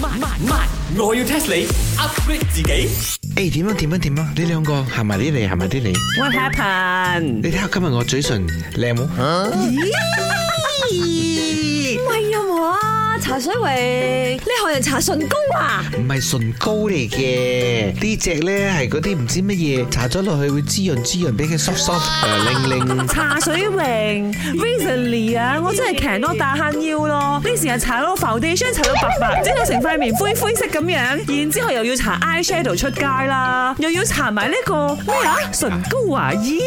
慢慢，我要 test 你 upgrade 自己。誒，點啊點啊點啊！你兩個行埋啲嚟，行埋啲嚟。What happened？你睇下今日我嘴唇靚冇？茶水榮，你學人搽唇膏啊？唔係唇膏嚟嘅，隻呢隻咧係嗰啲唔知乜嘢，搽咗落去會滋潤滋潤，俾佢濕濕誒，靚靚，呃，茶水榮 r e a s o n y 啊，我真係強落大慳腰咯。啲耶 時啊搽到 foundation 搽到白白，後整到成塊面灰灰色咁樣，然之後又要搽 eye shadow 出街啦，又要搽埋呢個咩啊唇膏啊，咦？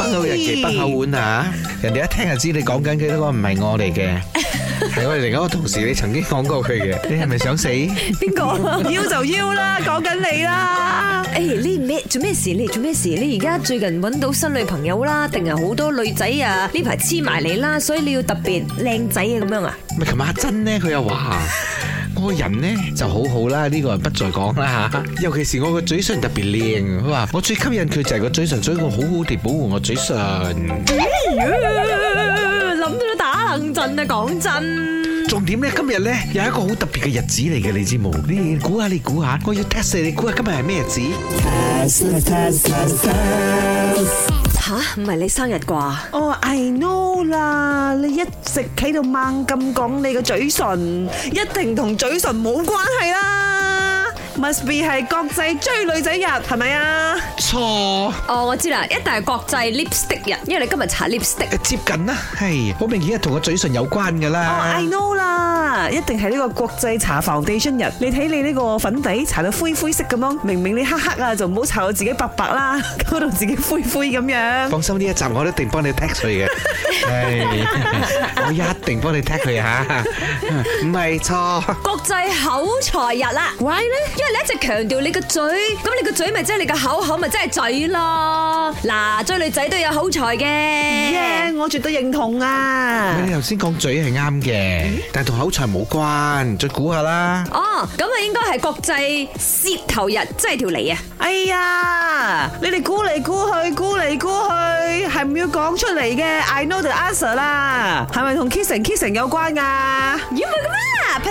背後人忌背後碗啊，人哋一聽就知你講緊幾多個唔係我嚟嘅。 係我哋另一個同事，你曾經講過佢嘅。你係咪想死？邊個？要就要啦，講緊你啦。誒，你咩做咩事？你做咩事？你而家最近揾到新女朋友啦，定係好多女仔啊？呢排黐埋你啦，所以你要特別靚仔啊？咁樣啊？咪琴晚阿珍咧，佢又話我個人咧就好好啦，呢個不再講啦吓。尤其是我個嘴唇特別靚，佢話我最吸引佢就係個嘴唇，所以我好好地保護我嘴唇。哎呀，諗到。講真啊，講真，重點咧，今日咧有一個好特別嘅日子嚟嘅，你知冇？你估下，你估下，我要 test 你，估下今日係咩日子？吓，唔係、啊、你生日啩？哦、oh，I know 啦，你一直喺度猛咁講你嘅嘴唇，一定同嘴唇冇關係啦。Must be 係國際追女仔日係咪啊？錯錯 哦，我知啦，一定係國際 lipstick 日，因為你今日查 lipstick，接近啦，係，好明顯係同個嘴唇有關噶啦、哦。我 I know 啦。一定係呢個國際查房地產日，你睇你呢個粉底搽到灰灰色咁樣，明明你黑黑啊，就唔好搽到自己白白啦，搞到自己灰灰咁樣。放心呢一集我一定幫你剔佢嘅，我一定幫你剔佢吓，唔係錯。錯國際口才日啦喂，why 咧？為呢因為你一直強調你個嘴，咁你個嘴咪即係你個口口咪即係嘴咯。嗱，追女仔都有口才嘅，我絕對認同啊。你頭先講嘴係啱嘅，但係同口才。係冇關，再估下啦。哦，咁啊，應該係國際舌頭日，即係條脷啊！哎呀，你哋估嚟估去，估嚟估去，係唔要講出嚟嘅，I know the answer 啦。係咪同 kissing，kissing 有關啊？Yeah.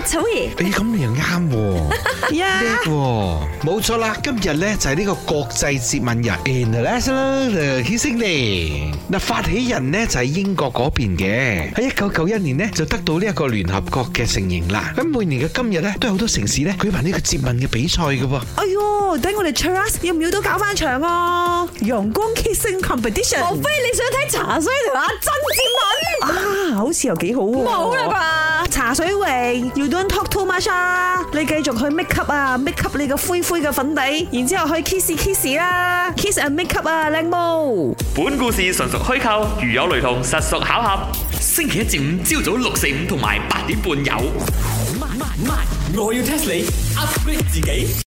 草以，哎，咁你又啱，叻喎，冇錯啦。今日咧就係呢個國際接吻日，International Kissing Day。嗱，發起人咧就喺英國嗰邊嘅，喺一九九一年咧就得到呢一個聯合國嘅承認啦。咁每年嘅今日咧都有好多城市咧舉辦呢個接吻嘅比賽嘅喎。哎呦，等我哋 Charles 要唔要都搞翻場啊？陽光 kissing competition。莫非你想睇茶水同阿珍接吻？啊，好似又幾好喎。冇啦吧。茶水榮，You don't talk too much 啊！你繼續去 make up 啊，make up 你個灰灰嘅粉底，然之後去 kiss kiss 啦，kiss and make up 啊，靚模。本故事純屬虛構，如有雷同，實屬巧合。星期一至五朝早六四五同埋八點半有。邁邁邁，我要 test 你，upgrade 自己。